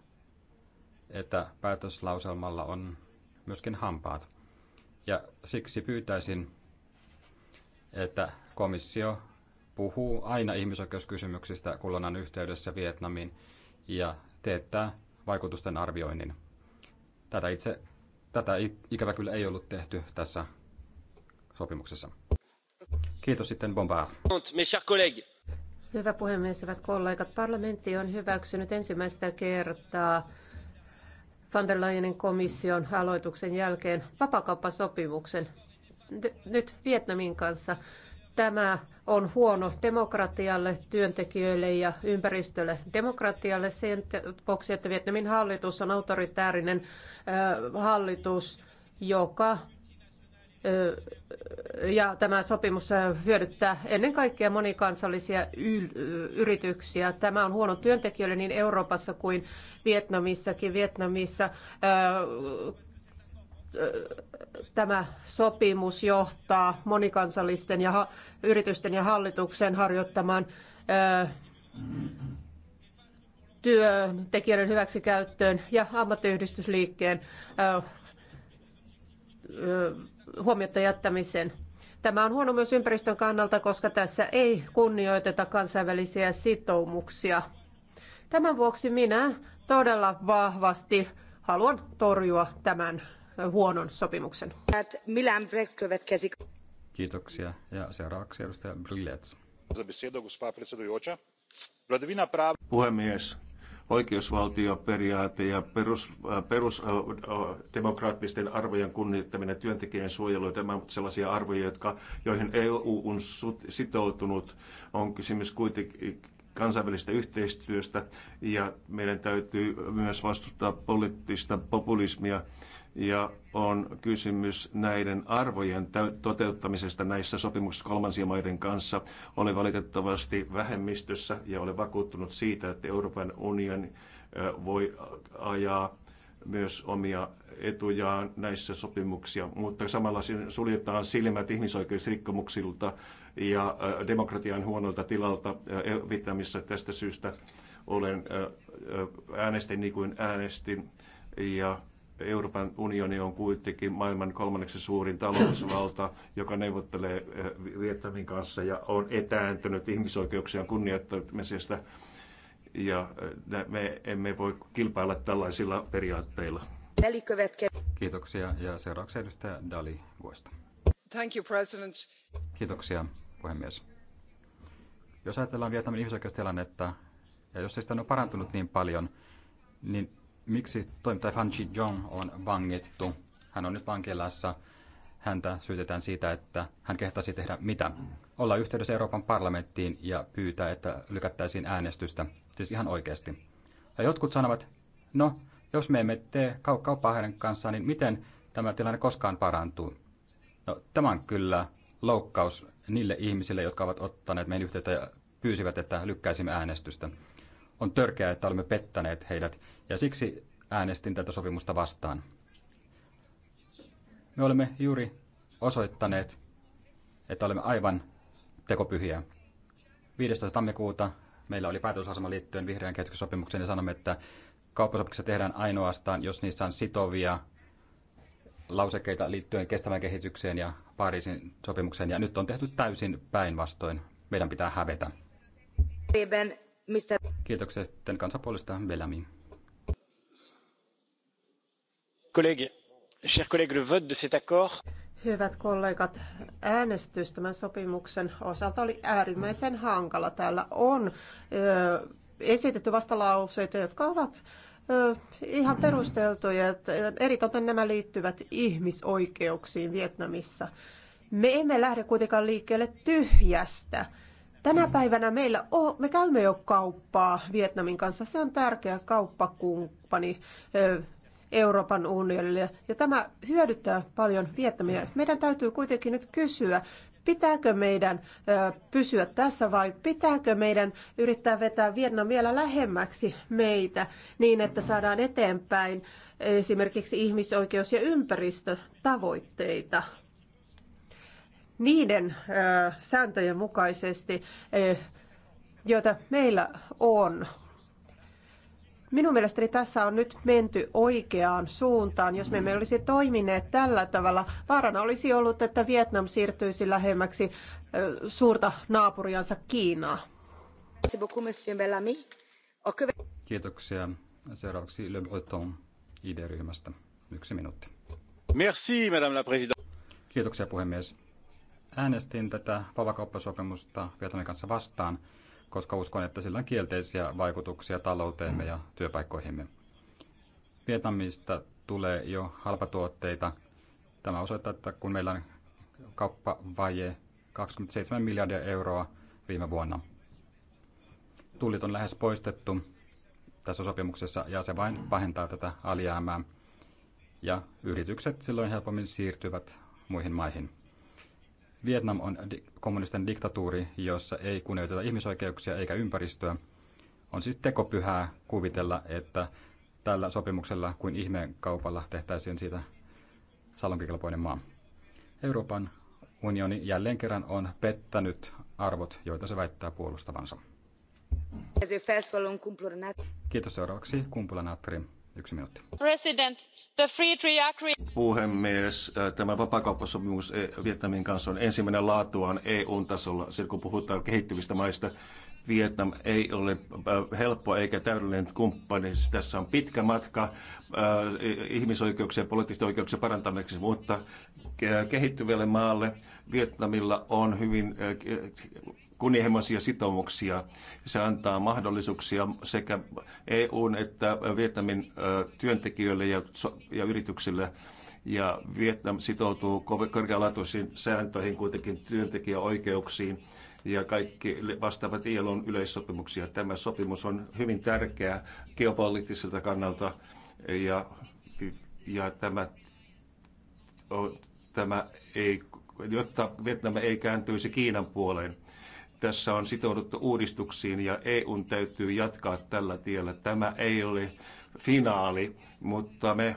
että päätöslauselmalla on myöskin hampaat. Ja siksi pyytäisin, että komissio puhuu aina ihmisoikeuskysymyksistä kulonan yhteydessä Vietnamiin ja teettää vaikutusten arvioinnin. Tätä, itse, tätä ikävä kyllä ei ollut tehty tässä sopimuksessa. Kiitos sitten Bombard. Hyvä puhemies, hyvät kollegat. Parlamentti on hyväksynyt ensimmäistä kertaa van der Leyenin komission aloituksen jälkeen vapakauppasopimuksen nyt Vietnamin kanssa. Tämä on huono demokratialle, työntekijöille ja ympäristölle. Demokratialle sen vuoksi, että Vietnamin hallitus on autoritäärinen hallitus, joka ja tämä sopimus hyödyttää ennen kaikkea monikansallisia yrityksiä. Tämä on huono työntekijöille niin Euroopassa kuin Vietnamissakin. Vietnamissa tämä sopimus johtaa monikansallisten ja yritysten ja hallituksen harjoittamaan työntekijöiden hyväksikäyttöön ja ammattiyhdistysliikkeen huomiota jättämisen. Tämä on huono myös ympäristön kannalta, koska tässä ei kunnioiteta kansainvälisiä sitoumuksia. Tämän vuoksi minä todella vahvasti haluan torjua tämän huonon sopimuksen. Kiitoksia. Ja seuraavaksi edustaja Brilets. Puhemies, oikeusvaltioperiaate ja perus, äh, perusdemokraattisten arvojen kunnioittaminen, työntekijän suojelu, tämä sellaisia arvoja, jotka, joihin EU on sitoutunut. On kysymys kuitenkin kansainvälistä yhteistyöstä ja meidän täytyy myös vastustaa poliittista populismia ja on kysymys näiden arvojen toteuttamisesta näissä sopimuksissa kolmansien maiden kanssa. Olen valitettavasti vähemmistössä ja olen vakuuttunut siitä, että Euroopan unioni voi ajaa myös omia etujaan näissä sopimuksia, mutta samalla suljetaan silmät ihmisoikeusrikkomuksilta ja äh, demokratian huonolta tilalta äh, Vietnamissa. Tästä syystä olen äh, äänestin niin kuin äänestin ja Euroopan unioni on kuitenkin maailman kolmanneksi suurin talousvalta, joka neuvottelee Vietnamin kanssa ja on etääntynyt ihmisoikeuksien kunnioittamisesta ja me emme voi kilpailla tällaisilla periaatteilla. Kiitoksia ja seuraavaksi edustaja Dali Vuosta. Thank you, President. Kiitoksia, puhemies. Jos ajatellaan Vietnamin ihmisoikeustilannetta, ja jos ei sitä on parantunut niin paljon, niin miksi toimittaja Fan Chi Jong on vangittu? Hän on nyt vankilassa. Häntä syytetään siitä, että hän kehtasi tehdä mitä olla yhteydessä Euroopan parlamenttiin ja pyytää, että lykättäisiin äänestystä. Siis ihan oikeasti. Ja jotkut sanovat, no, jos me emme tee kauppaa heidän kanssaan, niin miten tämä tilanne koskaan parantuu? No, tämä on kyllä loukkaus niille ihmisille, jotka ovat ottaneet meidän yhteyttä ja pyysivät, että lykkäisimme äänestystä. On törkeää, että olemme pettäneet heidät, ja siksi äänestin tätä sopimusta vastaan. Me olemme juuri osoittaneet, että olemme aivan tekopyhiä. 15. tammikuuta meillä oli päätösasema liittyen vihreän kehityksen ja sanomme, että kauppasopimuksia tehdään ainoastaan, jos niissä on sitovia lausekkeita liittyen kestävään kehitykseen ja Pariisin sopimukseen. Ja nyt on tehty täysin päinvastoin. Meidän pitää hävetä. Kiitoksia sitten kansapuolesta Bellamy. Kollegi, cher collègue, le vote de cet accord... Hyvät kollegat, äänestys tämän sopimuksen osalta oli äärimmäisen hankala. Täällä on ö, esitetty vastalauseita, jotka ovat ö, ihan perusteltuja. Eritoten nämä liittyvät ihmisoikeuksiin Vietnamissa. Me emme lähde kuitenkaan liikkeelle tyhjästä. Tänä päivänä meillä on, me käymme jo kauppaa Vietnamin kanssa. Se on tärkeä kauppakumppani Euroopan unionille. Ja tämä hyödyttää paljon viettämiä. Meidän täytyy kuitenkin nyt kysyä, pitääkö meidän pysyä tässä vai pitääkö meidän yrittää vetää Vietnam vielä lähemmäksi meitä niin, että saadaan eteenpäin esimerkiksi ihmisoikeus- ja ympäristötavoitteita niiden sääntöjen mukaisesti, joita meillä on. Minun mielestäni tässä on nyt menty oikeaan suuntaan. Jos me emme olisi toimineet tällä tavalla, vaarana olisi ollut, että Vietnam siirtyisi lähemmäksi suurta naapuriansa Kiinaa. Kiitoksia. Seuraavaksi Le Breton ID-ryhmästä. Yksi minuutti. Merci, madame la présidente. Kiitoksia puhemies. Äänestin tätä vapakauppasopimusta Vietnamin kanssa vastaan, koska uskon, että sillä on kielteisiä vaikutuksia talouteemme ja työpaikkoihimme. Vietnamista tulee jo halpatuotteita. Tämä osoittaa, että kun meillä on kauppavaje 27 miljardia euroa viime vuonna. Tullit on lähes poistettu tässä sopimuksessa ja se vain pahentaa tätä alijäämää. Ja yritykset silloin helpommin siirtyvät muihin maihin. Vietnam on di- kommunisten diktatuuri, jossa ei kunnioiteta ihmisoikeuksia eikä ympäristöä. On siis tekopyhää kuvitella, että tällä sopimuksella kuin ihmeen kaupalla tehtäisiin siitä salonkikelpoinen maa. Euroopan unioni jälleen kerran on pettänyt arvot, joita se väittää puolustavansa. Kiitos seuraavaksi Kumpula Natri Yksi minuutti. President, the free trade Puhemies, äh, tämä vapaakauppasopimus eh, Vietnamin kanssa on ensimmäinen laatuaan EU-tasolla, Sillä kun puhutaan kehittyvistä maista. Vietnam ei ole äh, helppo eikä täydellinen kumppani. Tässä on pitkä matka äh, ihmisoikeuksien ja poliittisten oikeuksien parantamiseksi, mutta kehittyvälle maalle Vietnamilla on hyvin kunnianhimoisia sitoumuksia. Se antaa mahdollisuuksia sekä EUn että Vietnamin työntekijöille ja, ja yrityksille ja Vietnam sitoutuu korkealaatuisiin sääntöihin, kuitenkin työntekijäoikeuksiin ja kaikki vastaavat ILOn yleissopimuksia. Tämä sopimus on hyvin tärkeä geopoliittiselta kannalta ja, ja tämä, tämä ei, jotta Vietnam ei kääntyisi Kiinan puoleen. Tässä on sitouduttu uudistuksiin ja EUn täytyy jatkaa tällä tiellä. Tämä ei ole finaali, mutta me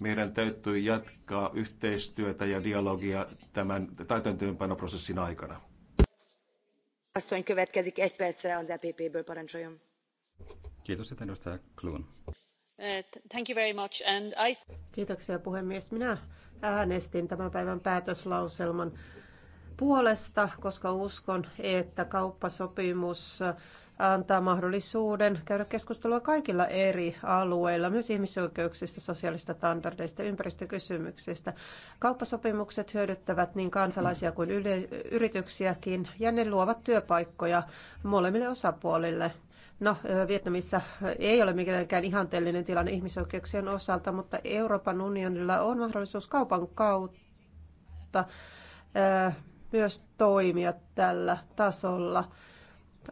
meidän täytyy jatkaa yhteistyötä ja dialogia tämän täytäntöönpanoprosessin aikana. Asszony következik egy percre az EPP-ből parancsoljon. Kiitos, että edustaja Kluun. Eh, thank you very much. And I... Kiitoksia puhemies. Minä äänestin tämän päivän päätöslauselman puolesta, koska uskon, että kauppasopimus antaa mahdollisuuden käydä keskustelua kaikilla eri alueilla, myös ihmisoikeuksista, sosiaalista standardeista, ympäristökysymyksistä. Kauppasopimukset hyödyttävät niin kansalaisia kuin yrityksiäkin, ja ne luovat työpaikkoja molemmille osapuolille. No, Vietnamissa ei ole mikään ihanteellinen tilanne ihmisoikeuksien osalta, mutta Euroopan unionilla on mahdollisuus kaupan kautta myös toimia tällä tasolla.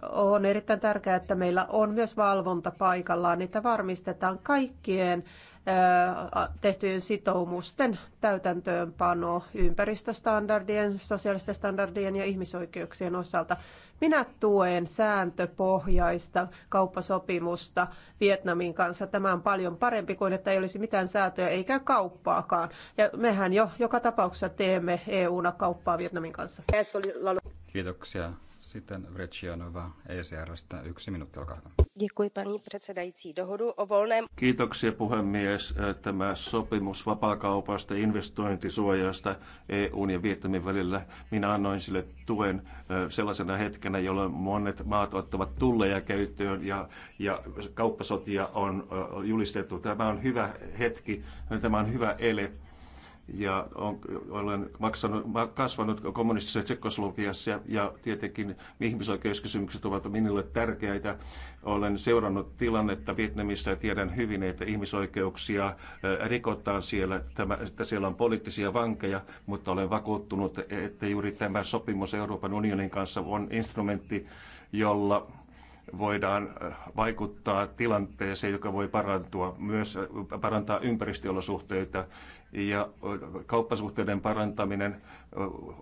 On erittäin tärkeää, että meillä on myös valvonta paikallaan, niitä varmistetaan kaikkien tehtyjen sitoumusten täytäntöönpano ympäristöstandardien, sosiaalisten standardien ja ihmisoikeuksien osalta. Minä tuen sääntöpohjaista kauppasopimusta Vietnamin kanssa. Tämä on paljon parempi kuin, että ei olisi mitään sääntöjä eikä kauppaakaan. Ja mehän jo joka tapauksessa teemme EU-na kauppaa Vietnamin kanssa. Kiitoksia. Sitten Vrečianova ECRstä yksi minuutti, olkaa hyvä. Děkuji, paní předsedající. Dohodu o volném... Kiitoksia puhemies. Tämä sopimus vapaakaupasta ja investointisuojasta EUn ja Vietnamin välillä. Minä annoin sille tuen sellaisena hetkenä, jolloin monet maat ottavat tulleja käyttöön ja, ja kauppasotia on julistettu. Tämä on hyvä hetki, tämä on hyvä ele ja on, olen maksanut, kasvanut kommunistisessa Tsekkoslovakiassa ja, ja tietenkin ihmisoikeuskysymykset ovat minulle tärkeitä. Olen seurannut tilannetta Vietnamissa ja tiedän hyvin, että ihmisoikeuksia äh, rikotaan siellä, tämä, että siellä on poliittisia vankeja, mutta olen vakuuttunut, että juuri tämä sopimus Euroopan unionin kanssa on instrumentti, jolla voidaan äh, vaikuttaa tilanteeseen, joka voi parantua, myös äh, parantaa ympäristöolosuhteita. Ja äh, kauppasuhteiden parantaminen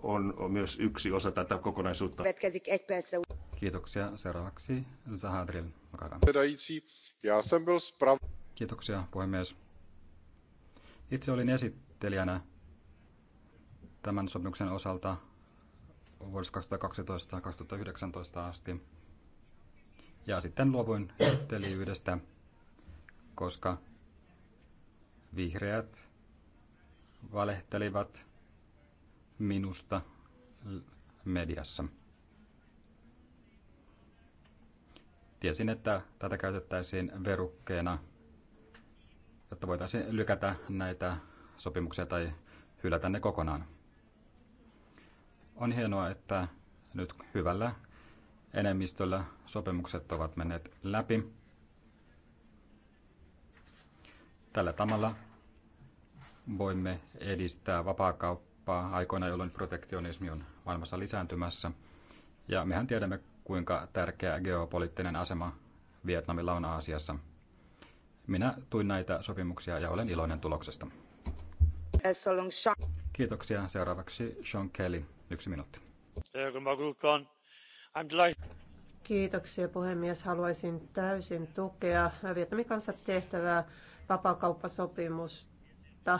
on myös yksi osa tätä kokonaisuutta. Kiitoksia. Seuraavaksi Zahadril. Kiitoksia, puhemies. Itse olin esittelijänä tämän sopimuksen osalta vuodesta 2012-2019 asti ja sitten luovuin esittelijyydestä, koska vihreät valehtelivat minusta mediassa. Tiesin, että tätä käytettäisiin verukkeena, jotta voitaisiin lykätä näitä sopimuksia tai hylätä ne kokonaan. On hienoa, että nyt hyvällä enemmistöllä sopimukset ovat menneet läpi. Tällä tavalla voimme edistää vapaakauppaa aikoina, jolloin protektionismi on maailmassa lisääntymässä. Ja mehän tiedämme, kuinka tärkeä geopoliittinen asema Vietnamilla on Aasiassa. Minä tuin näitä sopimuksia ja olen iloinen tuloksesta. Kiitoksia. Seuraavaksi Sean Kelly. Yksi minuutti. Kiitoksia puhemies. Haluaisin täysin tukea Vietnamin kanssa tehtävää vapakauppasopimusta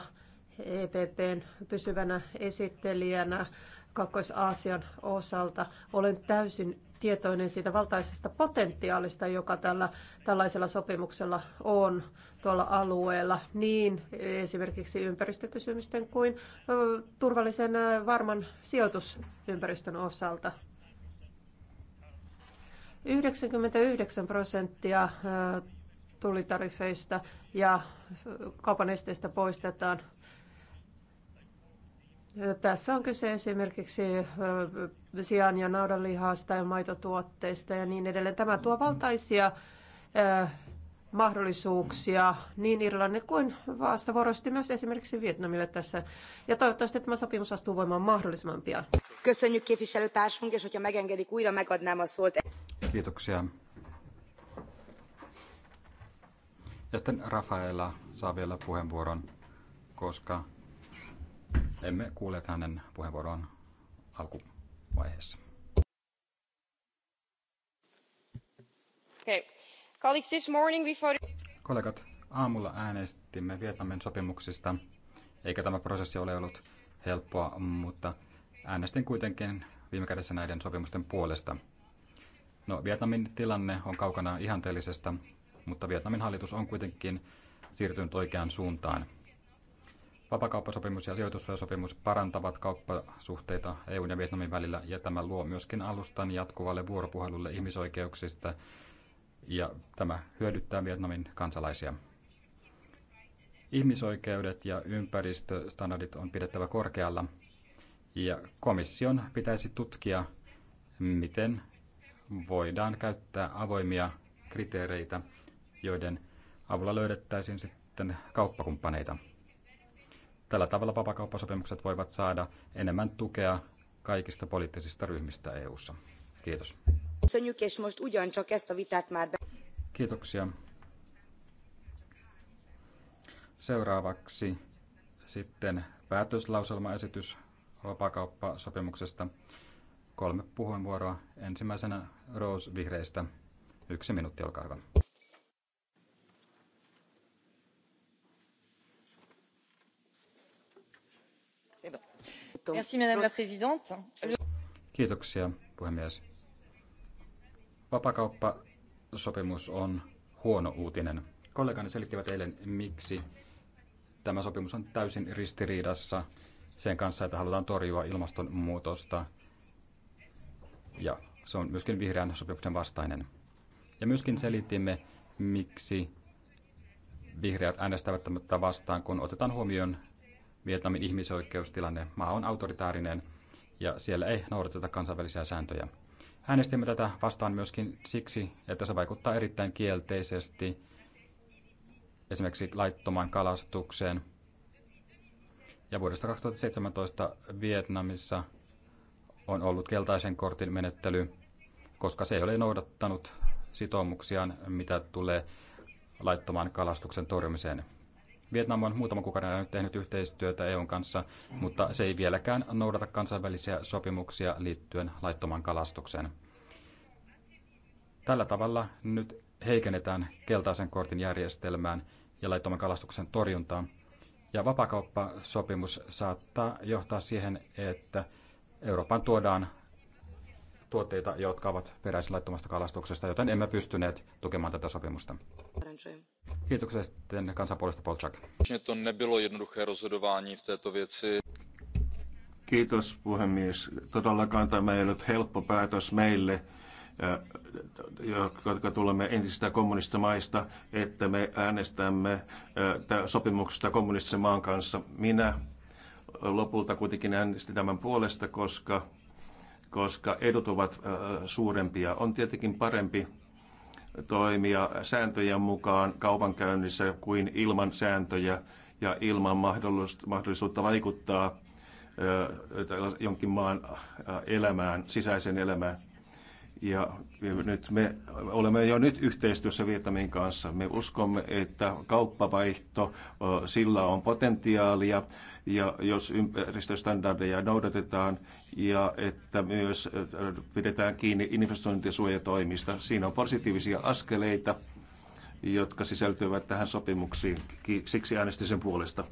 EPPn pysyvänä esittelijänä Kakkois-Aasian osalta. Olen täysin tietoinen siitä valtaisesta potentiaalista, joka tällä, tällaisella sopimuksella on tuolla alueella, niin esimerkiksi ympäristökysymysten kuin turvallisen varman sijoitusympäristön osalta. 99 prosenttia tulitarifeista ja kaupan esteistä poistetaan. Tässä on kyse esimerkiksi sian ja naudanlihasta ja maitotuotteista ja niin edelleen. Tämä tuo valtaisia mahdollisuuksia niin Irlannin kuin vastavuoroisesti myös esimerkiksi Vietnamille tässä. Ja toivottavasti tämä sopimus astuu voimaan mahdollisimman pian. Köszönjük képviselőtársunk, és hogyha megengedik, újra megadnám a szót. Kiitoksia. Ja sitten Rafaela saa vielä puheenvuoron, koska emme kuule hänen puheenvuoroon alkuvaiheessa. Okay. Colleagues, this morning before... Kollegat, aamulla äänestimme Vietnamin sopimuksista, eikä tämä prosessi ole ollut helppoa, mutta äänestin kuitenkin viime kädessä näiden sopimusten puolesta – No, Vietnamin tilanne on kaukana ihanteellisesta, mutta Vietnamin hallitus on kuitenkin siirtynyt oikeaan suuntaan. Vapakauppasopimus ja sijoitussuojasopimus parantavat kauppasuhteita EUn ja Vietnamin välillä ja tämä luo myöskin alustan jatkuvalle vuoropuhelulle ihmisoikeuksista ja tämä hyödyttää Vietnamin kansalaisia. Ihmisoikeudet ja ympäristöstandardit on pidettävä korkealla ja komission pitäisi tutkia, miten voidaan käyttää avoimia kriteereitä, joiden avulla löydettäisiin sitten kauppakumppaneita. Tällä tavalla vapakauppasopimukset voivat saada enemmän tukea kaikista poliittisista ryhmistä EU:ssa. Kiitos. Kiitoksia. Seuraavaksi sitten päätöslauselmaesitys vapakauppasopimuksesta kolme puheenvuoroa. Ensimmäisenä Rose Vihreistä. Yksi minuutti, olkaa hyvä. Kiitoksia, puhemies. Vapakauppasopimus on huono uutinen. Kollegani selittivät eilen, miksi tämä sopimus on täysin ristiriidassa sen kanssa, että halutaan torjua ilmastonmuutosta ja se on myöskin vihreän sopimuksen vastainen. Ja myöskin selitimme, miksi vihreät äänestävät tämättä vastaan, kun otetaan huomioon Vietnamin ihmisoikeustilanne. Maa on autoritaarinen ja siellä ei noudateta kansainvälisiä sääntöjä. Äänestimme tätä vastaan myöskin siksi, että se vaikuttaa erittäin kielteisesti esimerkiksi laittomaan kalastukseen. Ja vuodesta 2017 Vietnamissa on ollut keltaisen kortin menettely, koska se ei ole noudattanut sitoumuksiaan, mitä tulee laittoman kalastuksen torjumiseen. Vietnam on muutama kuukauden ajan tehnyt yhteistyötä EUn kanssa, mutta se ei vieläkään noudata kansainvälisiä sopimuksia liittyen laittoman kalastukseen. Tällä tavalla nyt heikennetään keltaisen kortin järjestelmään ja laittoman kalastuksen torjuntaan. Ja vapakauppasopimus saattaa johtaa siihen, että Euroopan tuodaan tuotteita, jotka ovat peräisin laittomasta kalastuksesta, joten emme pystyneet tukemaan tätä sopimusta. Kiitoksia sitten kansanpuolesta Polchak. Kiitos puhemies. Todellakaan tämä ei ollut helppo päätös meille, eh, jotka tulemme entisistä kommunistimaista, että me äänestämme eh, sopimuksesta kommunistisen maan kanssa. Minä lopulta kuitenkin äänesti tämän puolesta, koska, koska edut ovat suurempia. On tietenkin parempi toimia sääntöjen mukaan kaupankäynnissä kuin ilman sääntöjä ja ilman mahdollisuutta vaikuttaa jonkin maan elämään, sisäisen elämään. Ja nyt me olemme jo nyt yhteistyössä Vietnamin kanssa. Me uskomme, että kauppavaihto, sillä on potentiaalia ja jos ympäristöstandardeja noudatetaan ja että myös pidetään kiinni investointisuojatoimista. Siinä on positiivisia askeleita jotka sisältyvät tähän sopimuksiin. Siksi äänestin sen puolesta.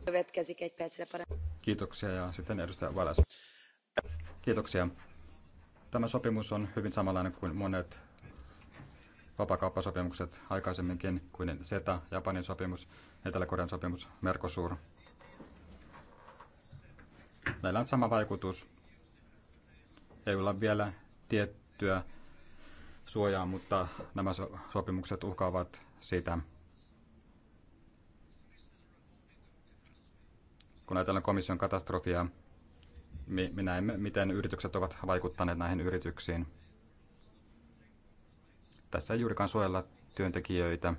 Kiitoksia ja sitten edustaja Valas. Kiitoksia. Tämä sopimus on hyvin samanlainen kuin monet vapakauppasopimukset aikaisemminkin, kuin SETA, Japanin sopimus, Etelä-Korean sopimus, Mercosur – näillä on sama vaikutus. ei olla vielä tiettyä suojaa, mutta nämä sopimukset uhkaavat sitä. Kun ajatellaan komission katastrofia, me näemme, miten yritykset ovat vaikuttaneet näihin yrityksiin. Tässä ei juurikaan suojella työntekijöitä.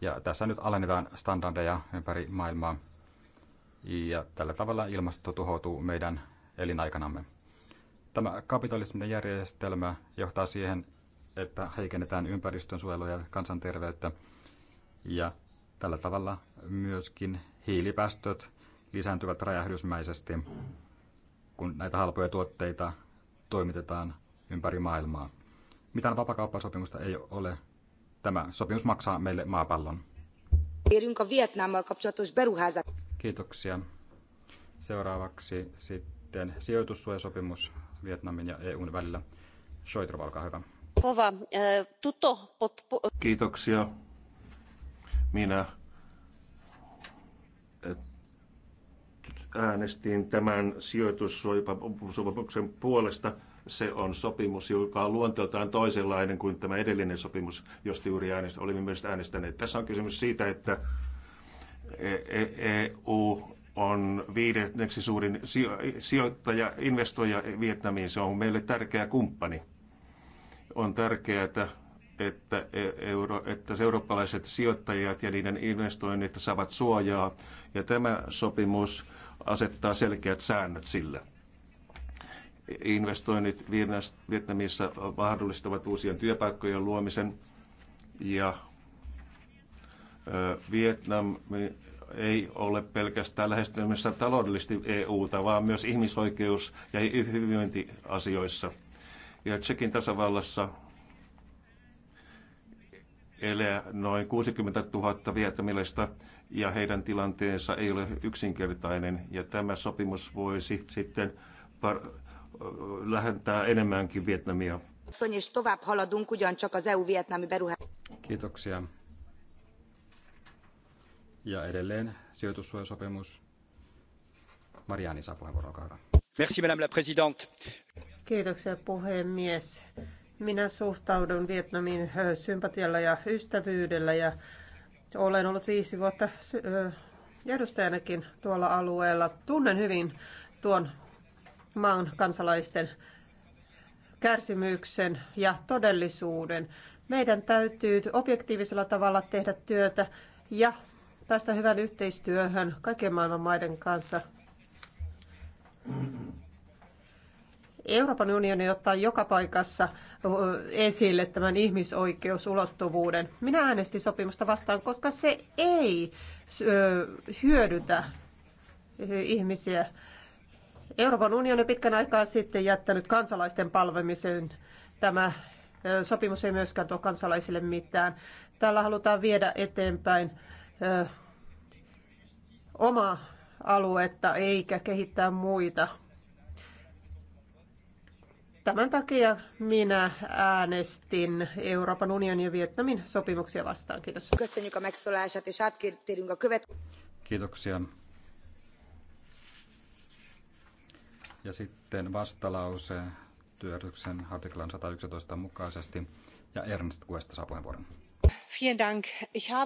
Ja tässä nyt alennetaan standardeja ympäri maailmaa ja tällä tavalla ilmasto tuhoutuu meidän elinaikanamme. Tämä kapitalismin järjestelmä johtaa siihen, että heikennetään ympäristön suojelua ja kansanterveyttä ja tällä tavalla myöskin hiilipäästöt lisääntyvät räjähdysmäisesti, kun näitä halpoja tuotteita toimitetaan ympäri maailmaa. Mitään vapakauppasopimusta ei ole. Tämä sopimus maksaa meille maapallon. Vietnammal kapcsolatos beruházat. Kiitoksia. Seuraavaksi sitten sijoitussuojasopimus Vietnamin ja EUn välillä. Shoitrova, olkaa hyvä. Kova. Äh, Tuto, pot, po. Kiitoksia. Minä äh, äänestin tämän sijoitussopimuksen puolesta. Se on sopimus, joka on luonteeltaan toisenlainen kuin tämä edellinen sopimus, josta juuri äänestä, olimme myös äänestäneet. Tässä on kysymys siitä, että EU e-, e on viidenneksi suurin sijoittaja, investoija Vietnamiin. Se on meille tärkeä kumppani. On tärkeää, että, että, euro, että eurooppalaiset sijoittajat ja niiden investoinnit saavat suojaa. Ja tämä sopimus asettaa selkeät säännöt sille. Investoinnit Vietnamissa mahdollistavat uusien työpaikkojen luomisen ja Vietnam ei ole pelkästään lähestymässä taloudellisesti EUta, vaan myös ihmisoikeus- ja hyvinvointiasioissa. Ja Tsekin tasavallassa elää noin 60 000 vietnamilaista ja heidän tilanteensa ei ole yksinkertainen. Ja tämä sopimus voisi sitten par- lähentää enemmänkin Vietnamia. Kiitoksia. Ja edelleen sijoitussuojasopimus. Mariani saa puheenvuoron, olkaa hyvä. Merci, madame la présidente. Kiitoksia puhemies. Minä suhtaudun Vietnamin sympatialla ja ystävyydellä ja olen ollut viisi vuotta edustajanakin tuolla alueella. Tunnen hyvin tuon maan kansalaisten kärsimyksen ja todellisuuden. Meidän täytyy objektiivisella tavalla tehdä työtä ja päästä hyvän yhteistyöhön kaiken maailman maiden kanssa. Euroopan unioni ottaa joka paikassa esille tämän ihmisoikeusulottuvuuden. Minä äänestin sopimusta vastaan, koska se ei hyödytä ihmisiä. Euroopan unioni pitkän aikaa sitten jättänyt kansalaisten palvemisen. Tämä sopimus ei myöskään tuo kansalaisille mitään. Tällä halutaan viedä eteenpäin omaa aluetta eikä kehittää muita. Tämän takia minä äänestin Euroopan unionin ja Vietnamin sopimuksia vastaan. Kiitos. Kiitoksia. Ja sitten vastalause työjärjestyksen artiklan 111 mukaisesti. Ja Ernst Kuesta saa puheenvuoron.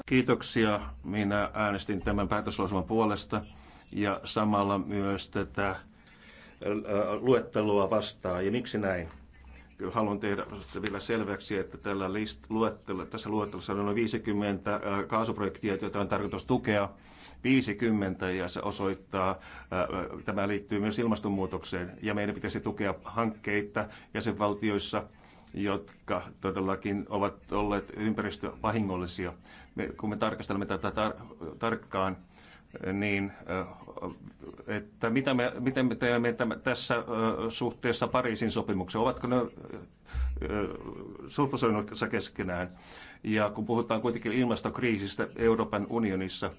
Kiitoksia. Minä äänestin tämän päätöslauselman puolesta ja samalla myös tätä äh, luettelua vastaan. Ja miksi näin? haluan tehdä vielä selväksi, että tällä list, luettelo, tässä luettelossa on noin 50 äh, kaasuprojektia, joita on tarkoitus tukea. 50 ja se osoittaa, äh, tämä liittyy myös ilmastonmuutokseen ja meidän pitäisi tukea hankkeita jäsenvaltioissa, jotka todellakin ovat olleet ympäristövahingollisia. Me, kun me tarkastelemme tätä tar- tarkkaan, niin että mitä me, miten me teemme tässä suhteessa Pariisin sopimuksen, ovatko ne sulfusoinnussa keskenään. Ja kun puhutaan kuitenkin ilmastokriisistä Euroopan unionissa,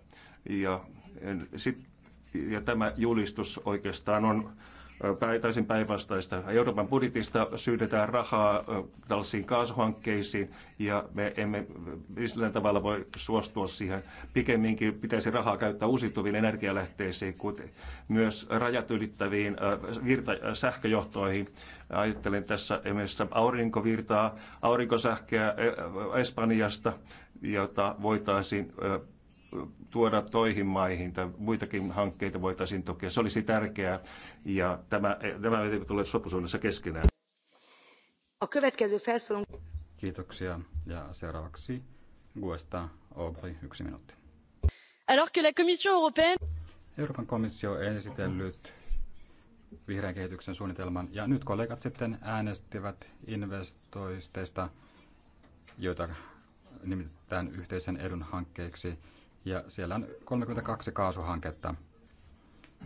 ja, sit, ja tämä julistus oikeastaan on täysin päinvastaista. Euroopan budjetista syydetään rahaa tällaisiin kaasuhankkeisiin ja me emme millään tavalla voi suostua siihen. Pikemminkin pitäisi rahaa käyttää uusiutuviin energialähteisiin, kuten myös rajat ylittäviin virta- sähköjohtoihin. Ajattelen tässä esimerkiksi aurinkovirtaa, aurinkosähköä Espanjasta, jota voitaisiin tuoda toihin maihin tai muitakin hankkeita voitaisiin tukea. Se olisi tärkeää ja tämä, tämä ei tule sopusuunnassa keskenään. Kiitoksia ja seuraavaksi Guesta Aubrey, yksi minuutti. Alors que la Commission européenne... Euroopan komissio on esitellyt vihreän kehityksen suunnitelman ja nyt kollegat sitten äänestivät investoisteista, joita nimitetään yhteisen edun hankkeeksi ja siellä on 32 kaasuhanketta.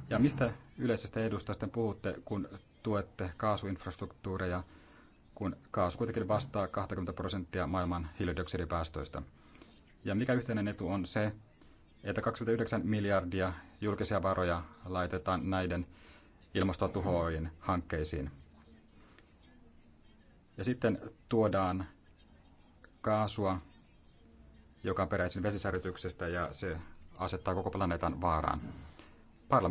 Ja mistä yleisestä edusta sitten puhutte, kun tuette kaasuinfrastruktuureja, kun kaasu kuitenkin vastaa 20 prosenttia maailman hiilidioksidipäästöistä? Ja mikä yhteinen etu on se, että 29 miljardia julkisia varoja laitetaan näiden ilmastoa hankkeisiin? Ja sitten tuodaan kaasua joka on peräisin vesisärjytyksestä ja se asettaa koko planeetan vaaraan. Parlamentti